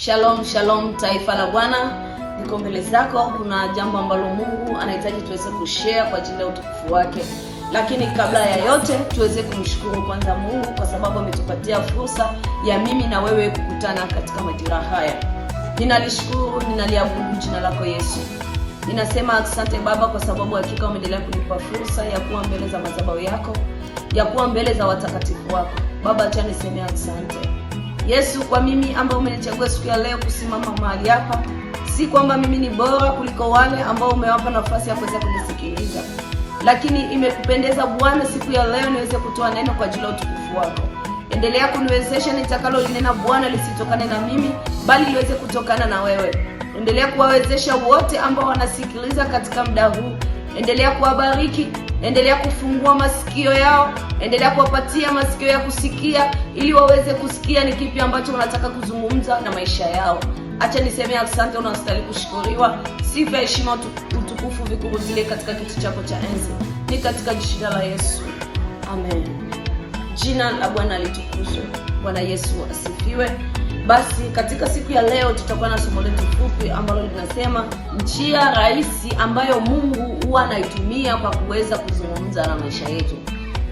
Shalom, shalom taifa la Bwana, niko mbele zako. Kuna jambo ambalo Mungu anahitaji tuweze kushare kwa ajili ya utukufu wake, lakini kabla ya yote tuweze kumshukuru kwanza Mungu kwa sababu ametupatia fursa ya mimi na wewe kukutana katika majira haya. Ninalishukuru, ninaliabudu jina lako Yesu. Ninasema asante Baba kwa sababu hakika umeendelea kunipa fursa ya kuwa mbele za mazabao yako, ya kuwa mbele za watakatifu wako. Baba, acha niseme asante Yesu, kwa mimi ambao umenichagua siku ya leo kusimama mahali hapa, si kwamba mimi ni bora kuliko wale ambao umewapa nafasi ya kuweza kunisikiliza, lakini imekupendeza Bwana siku ya leo niweze kutoa neno kwa ajili ya utukufu wako. Endelea kuniwezesha nitakalo linena Bwana lisitokane na mimi, bali liweze kutokana na wewe. Endelea kuwawezesha wote ambao wanasikiliza katika muda huu, endelea kuwabariki endelea kufungua masikio yao, endelea kuwapatia masikio ya kusikia, ili waweze kusikia ni kipi ambacho wanataka kuzungumza na maisha yao. Acha niseme asante, unastahili kushukuriwa. Sifa, heshima, utukufu vikuu vile katika kiti chako cha enzi, ni katika jina la Yesu, amen. Jina la Bwana litukuzwe. Bwana Yesu asifiwe. Basi katika siku ya leo tutakuwa na somo letu fupi ambalo linasema njia rahisi ambayo Mungu huwa anaitumia kwa kuweza kuzungumza na maisha yetu.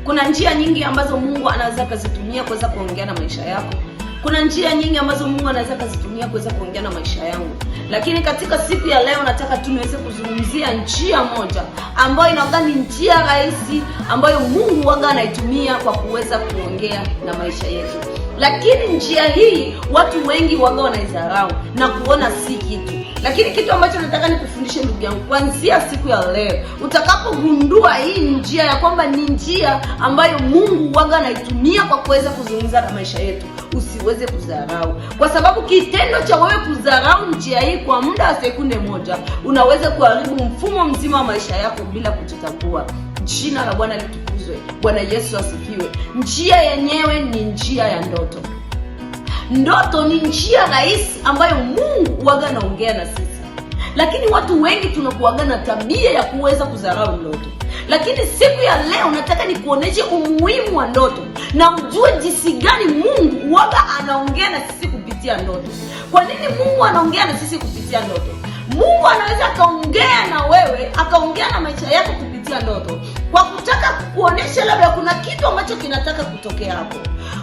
Kuna njia nyingi ambazo Mungu anaweza akazitumia kuweza kuongea na maisha yako. Kuna njia nyingi ambazo Mungu anaweza akazitumia kuweza kuongea na maisha yangu, lakini katika siku ya leo nataka tu niweze kuzungumzia njia moja ambayo inaoga ni njia rahisi ambayo Mungu waga anaitumia kwa kuweza kuongea na maisha yetu lakini njia hii watu wengi waga wanaidharau na kuona si kitu. Lakini kitu ambacho nataka nikufundishe ndugu yangu, kuanzia siku ya leo utakapogundua hii njia ya kwamba ni njia ambayo Mungu waga anaitumia kwa kuweza kuzungumza na maisha yetu, usiweze kudharau, kwa sababu kitendo cha wewe kudharau njia hii kwa muda wa sekunde moja unaweza kuharibu mfumo mzima wa maisha yako bila kujitambua. Jina la Bwana litu Bwana Yesu asifiwe. Njia yenyewe ni njia ya ndoto. Ndoto ni njia rahisi ambayo Mungu huwaga anaongea na sisi, lakini watu wengi tunakuaga na tabia ya kuweza kudharau ndoto. Lakini siku ya leo nataka nikuonyeshe umuhimu wa ndoto na ujue jinsi gani Mungu huwaga anaongea na sisi kupitia ndoto. Kwa nini Mungu anaongea na sisi kupitia ndoto? Mungu anaweza akaongea na wewe akaongea na maisha yako kupitia ndoto, kwa kutaka kukuonesha labda kuna kitu ambacho kinataka kutokea hapo.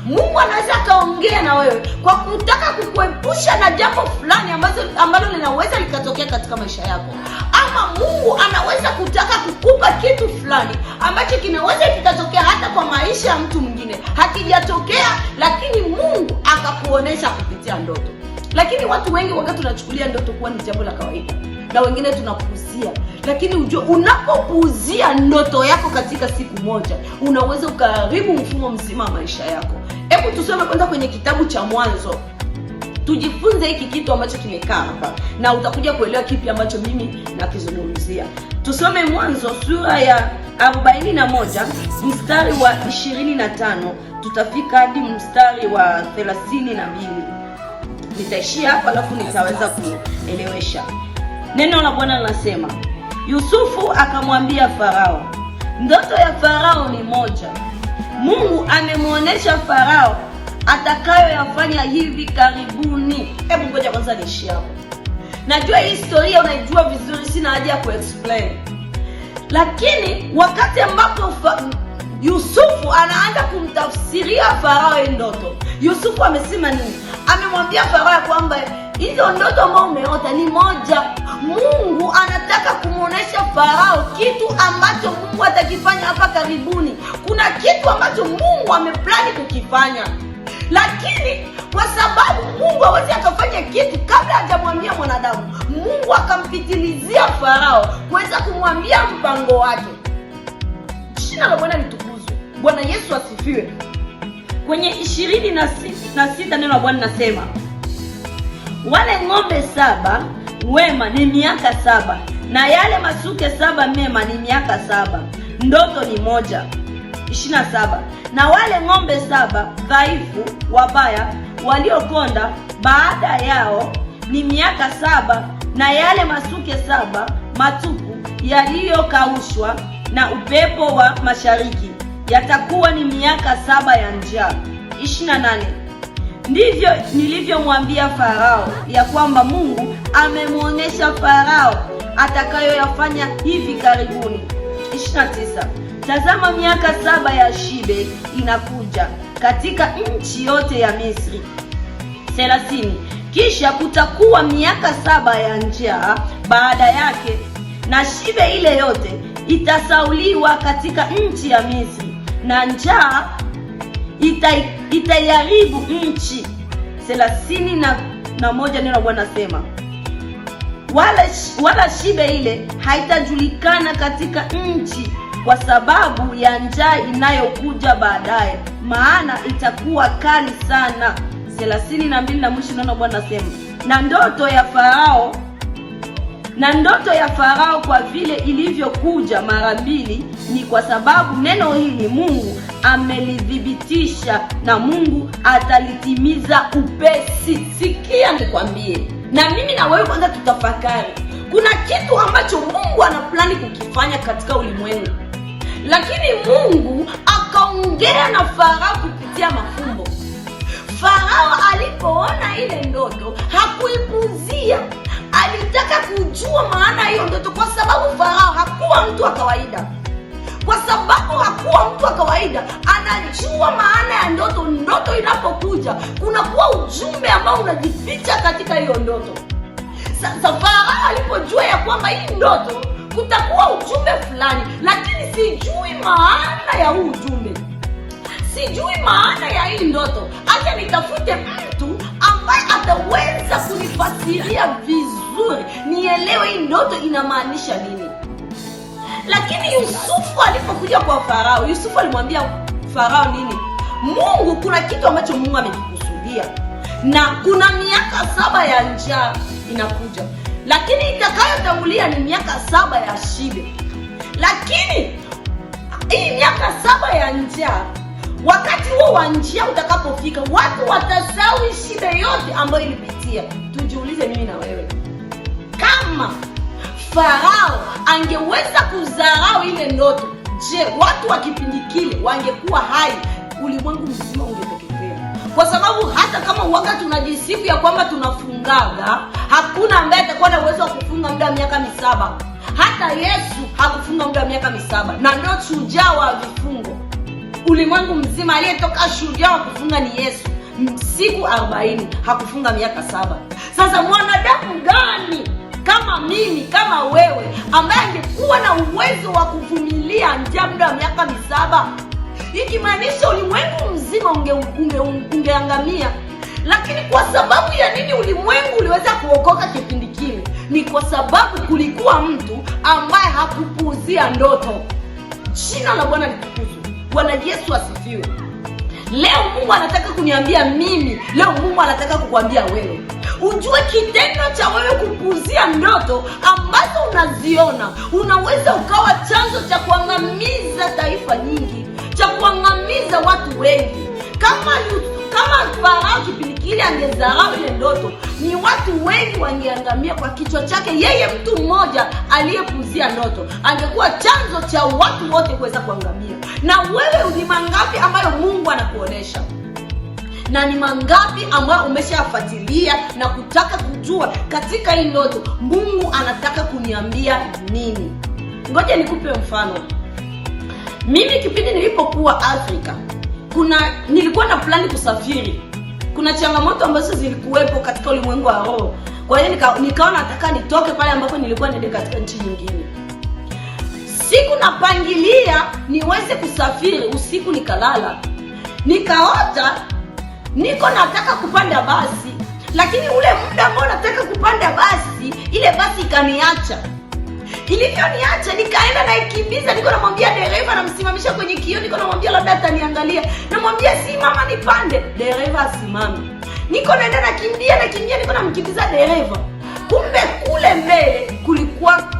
Mungu anaweza akaongea na wewe kwa kutaka kukuepusha na jambo fulani ambalo linaweza likatokea katika maisha yako, ama Mungu anaweza kutaka kukupa kitu fulani ambacho kinaweza kikatokea hata kwa maisha ya mtu mwingine, hakijatokea lakini Mungu akakuonesha kupitia ndoto. Lakini watu wengi wakati tunachukulia ndoto kuwa ni jambo la kawaida na wengine tunapuuzia, lakini ujue unapopuuzia ndoto yako katika siku moja unaweza ukaharibu mfumo mzima wa maisha yako. Hebu tusome kwanza kwenye kitabu cha Mwanzo tujifunze hiki kitu ambacho kimekaa hapa, na utakuja kuelewa kipi ambacho mimi nakizungumzia. Tusome Mwanzo sura ya 41 mstari wa 25 tutafika hadi mstari wa 32. Nitaishia hapa alafu nitaweza kuelewesha. Neno la Bwana linasema Yusufu akamwambia Farao, ndoto ya Farao ni moja. Mungu amemwonyesha Farao atakayoyafanya hivi karibuni. Hebu ngoja kwanza ni hapo. Najua hii historia unaijua vizuri, sina haja ya kuexplain, lakini wakati ambapo Yusufu anaanza kumtafsiria Farao ndoto. Yusufu amesema nini? Amemwambia Farao ya kwamba hizo ndoto ambao umeota ni moja. Mungu anataka kumwonyesha Farao kitu ambacho Mungu atakifanya hapa karibuni. Kuna kitu ambacho Mungu ameplani kukifanya, lakini kwa sababu Mungu hawezi akafanya kitu kabla hajamwambia mwanadamu, Mungu akampitilizia Farao kuweza kumwambia mpango wake. Jina la Bwana litu Bwana Yesu asifiwe. Kwenye ishirini na sita, na sita neno la Bwana nasema wale ng'ombe saba wema ni miaka saba na yale masuke saba mema ni miaka saba ndoto ni moja. ishirini na saba na wale ng'ombe saba dhaifu wabaya waliokonda baada yao ni miaka saba na yale masuke saba matupu yaliyokaushwa na upepo wa mashariki yatakuwa ni miaka saba ya njaa. 28 Ndivyo nilivyomwambia Farao ya kwamba Mungu amemwonyesha Farao atakayoyafanya hivi karibuni. 29 Tazama, miaka saba ya shibe inakuja katika nchi yote ya Misri. 30 Kisha kutakuwa miaka saba ya njaa baada yake, na shibe ile yote itasauliwa katika nchi ya Misri na njaa itaiharibu nchi. thelathini na, na moja neno Bwana sema wala, wala shibe ile haitajulikana katika nchi kwa sababu ya njaa inayokuja baadaye, maana itakuwa kali sana. thelathini na mbili na mwisho neno Bwana sema na ndoto ya Farao na ndoto ya Farao kwa vile ilivyokuja mara mbili, ni kwa sababu neno hili Mungu amelithibitisha na Mungu atalitimiza upesi. Sikia nikwambie, na mimi na wewe kwanza tutafakari, kuna kitu ambacho Mungu anaplani kukifanya katika ulimwengu, lakini Mungu akaongea na Farao kupitia mafumbo. Farao alipoona ile ndoto hakuipuzia alitaka kujua maana hiyo ndoto, kwa sababu Farao hakuwa mtu wa kawaida, kwa sababu hakuwa mtu wa kawaida. Anajua maana ya ndoto. Ndoto inapokuja kunakuwa ujumbe ambao unajificha katika hiyo ndoto. Sasa Farao alipojua ya kwamba hii ndoto kutakuwa ujumbe fulani, lakini sijui maana ya huu ujumbe, sijui maana ya hii ndoto, hata nitafute mtu ambaye ataweza kunifasilia vizuri vizuri nielewe hii ndoto inamaanisha nini. Lakini Yusufu alipokuja kwa Farao, Yusufu alimwambia Farao nini? Mungu, kuna kitu ambacho Mungu amekikusudia na kuna miaka saba ya njaa inakuja, lakini itakayotangulia ni miaka saba ya shibe. Lakini hii miaka saba ya njaa, wakati huo wa njaa utakapofika, watu watasawi shida yote ambayo ilipitia. Tujiulize mimi na wewe kama Farao angeweza kudharau ile ndoto, je, watu wa kipindi kile wangekuwa hai? Ulimwengu mzima ungeteketea, kwa sababu hata kama uwaga tunajisifu ya kwamba tunafungaga, hakuna ambaye atakuwa na uwezo wa kufunga muda wa miaka misaba. Hata Yesu hakufunga muda wa miaka misaba, na ndio shujaa wa vifungo. Ulimwengu mzima aliyetoka shujaa wa kufunga ni Yesu. Siku 40 hakufunga miaka saba. Sasa mwanadamu gani kama mimi kama wewe ambaye angekuwa na uwezo wa kuvumilia njaa muda wa miaka misaba, ikimaanisha ulimwengu mzima ungeangamia unge, unge. Lakini kwa sababu ya nini ulimwengu uliweza kuokoka kipindi kile? Ni kwa sababu kulikuwa mtu ambaye hakupuuzia ndoto. Jina la Bwana litukuzwe. Bwana Yesu asifiwe. Leo Mungu anataka kuniambia mimi, leo Mungu anataka kukuambia wewe, ujue kitendo cha wewe kupuzia ndoto ambazo unaziona unaweza ukawa chanzo cha kuangamiza taifa nyingi, cha kuangamiza watu wengi. Kama kama Farao kipindi kile angezarau ile ndoto, ni watu wengi wangeangamia kwa kichwa chake. Yeye mtu mmoja aliyepuzia ndoto angekuwa chanzo cha watu wote kuweza kuangamia na wewe ni mangapi ambayo Mungu anakuonesha na ni mangapi ambayo umeshafuatilia na kutaka kujua katika hii ndoto Mungu anataka kuniambia nini? Ngoja nikupe mfano. Mimi kipindi nilipokuwa Afrika, kuna nilikuwa na plani kusafiri. Kuna changamoto ambazo zilikuwepo katika ulimwengu wa roho, kwa hiyo nika, nikaona nataka nitoke pale ambapo nilikuwa niende katika nchi nyingine Usiku napangilia niweze kusafiri, usiku nikalala, nikaota niko nataka kupanda basi, lakini ule muda ambao nataka kupanda basi, ile basi ikaniacha. Ilivyoniacha nikaenda naikimbiza, niko namwambia dereva, namsimamisha kwenye kio niko namwambia labda ataniangalia, namwambia simama nipande, dereva asimame. Niko naenda nakimbia, nakimbia, niko namkimbiza dereva, kumbe kule mbele kulikuwa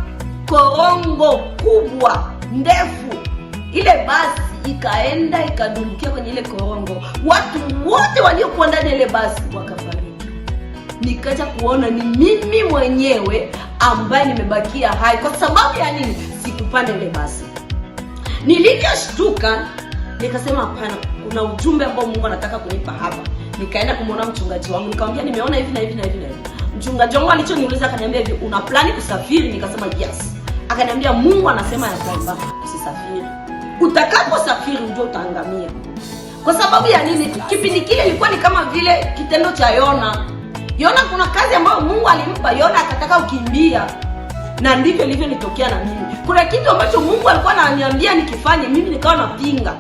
korongo kubwa ndefu. Ile basi ikaenda ikadumbukia kwenye ile korongo, watu wote waliokuwa ndani ya ile basi wakafariki. Nikaja kuona ni mimi mwenyewe ambaye nimebakia hai. Kwa sababu ya nini? Sikupanda ile basi. Nilivyoshtuka nikasema hapana, kuna ujumbe ambao Mungu anataka kunipa hapa. Nikaenda kumwona mchungaji wangu, nikamwambia nimeona hivi na hivi na hivi na hivi. Mchungaji wangu alichoniuliza akaniambia hivi, una plani kusafiri? Nikasema yes. Akaniambia Mungu anasema ya kwamba usisafiri, utakaposafiri ndio utaangamia. Kwa sababu ya nini? Kipindi kile ilikuwa ni kama vile kitendo cha Yona. Yona, kuna kazi ambayo Mungu alimpa Yona, akataka ukimbia, na ndivyo ilivyonitokea na mimi. Kuna kitu ambacho Mungu alikuwa ananiambia nikifanye, mimi nikawa napinga.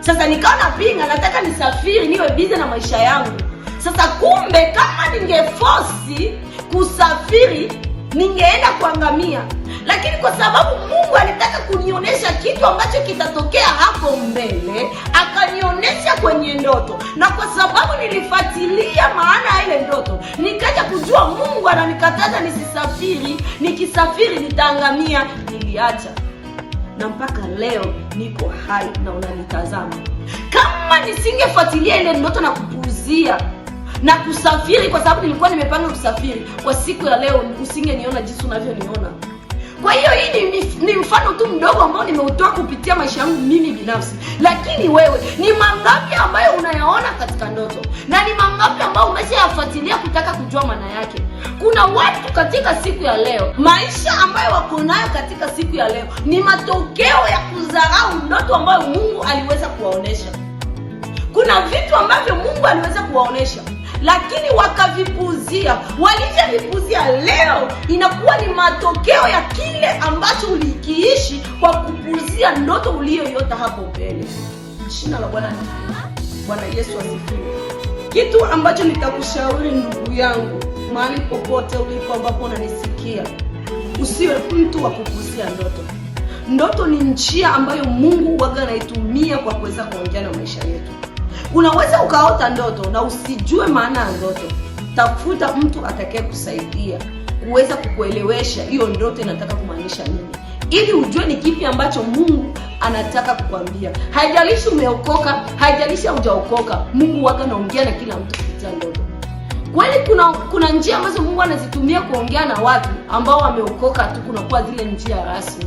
Sasa nikawa napinga, nataka nisafiri, niwe bize na maisha yangu. Sasa kumbe, kama ningefosi kusafiri ningeenda kuangamia, lakini kwa sababu Mungu alitaka kunionyesha kitu ambacho kitatokea hapo mbele, akanionyesha kwenye ndoto, na kwa sababu nilifuatilia maana ya ile ndoto, nikaja kujua Mungu ananikataza nisisafiri, nikisafiri nitaangamia. Niliacha na mpaka leo niko hai na unanitazama. Kama nisingefuatilia ile ndoto na kupuuzia na kusafiri, kwa sababu nilikuwa nimepanga kusafiri. Kwa siku ya leo usingeniona jinsi unavyoniona. Kwa hiyo hii ni mfano tu mdogo ambao nimeutoa kupitia maisha yangu mimi binafsi, lakini wewe ni mangapi ambayo unayaona katika ndoto na ni mangapi ambayo umeshayafuatilia kutaka kujua maana yake? Kuna watu katika siku ya leo, maisha ambayo wako nayo katika siku ya leo ni matokeo ya kudharau ndoto ambayo Mungu aliweza kuwaonesha. Kuna vitu ambavyo Mungu aliweza kuwaonesha lakini wakavipuzia. Walivyovipuzia leo inakuwa ni matokeo ya kile ambacho ulikiishi kwa kupuzia ndoto uliyoyota hapo mbele. Jina la Bwana Bwana Yesu asifiwe. Kitu ambacho nitakushauri ndugu yangu, mahali popote ulipo ambapo unanisikia, usiwe mtu wa kupuzia ndoto. Ndoto ni njia ambayo Mungu waga anaitumia kwa kuweza kuongea na maisha yetu. Unaweza ukaota ndoto na usijue maana ya ndoto. Tafuta mtu atakaye kusaidia kuweza kukuelewesha hiyo ndoto inataka kumaanisha nini, ili ujue ni kipi ambacho Mungu anataka kukwambia. Haijalishi umeokoka, haijalishi aujaokoka Mungu waka naongea na kila mtu kupitia ndoto. Kwani kuna kuna njia ambazo Mungu anazitumia kuongea na watu ambao wameokoka tu, kunakuwa zile njia rasmi,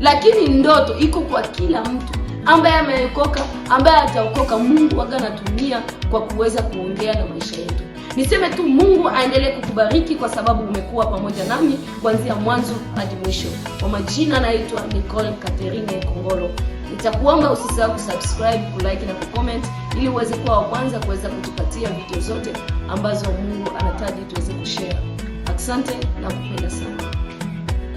lakini ndoto iko kwa kila mtu ambaye ameokoka, ambaye ataokoka. Mungu waga anatumia kwa kuweza kuongea na maisha yetu. Niseme tu Mungu aendelee kukubariki kwa sababu umekuwa pamoja nami kuanzia mwanzo hadi mwisho. Kwa majina anaitwa Nicole katherine Kongolo. Nitakuomba usisahau kusubscribe, kulike na kucomment ili uweze kuwa wa kwanza kuweza kutupatia video zote ambazo Mungu anataji tuweze kushare. Asante na kupenda sana.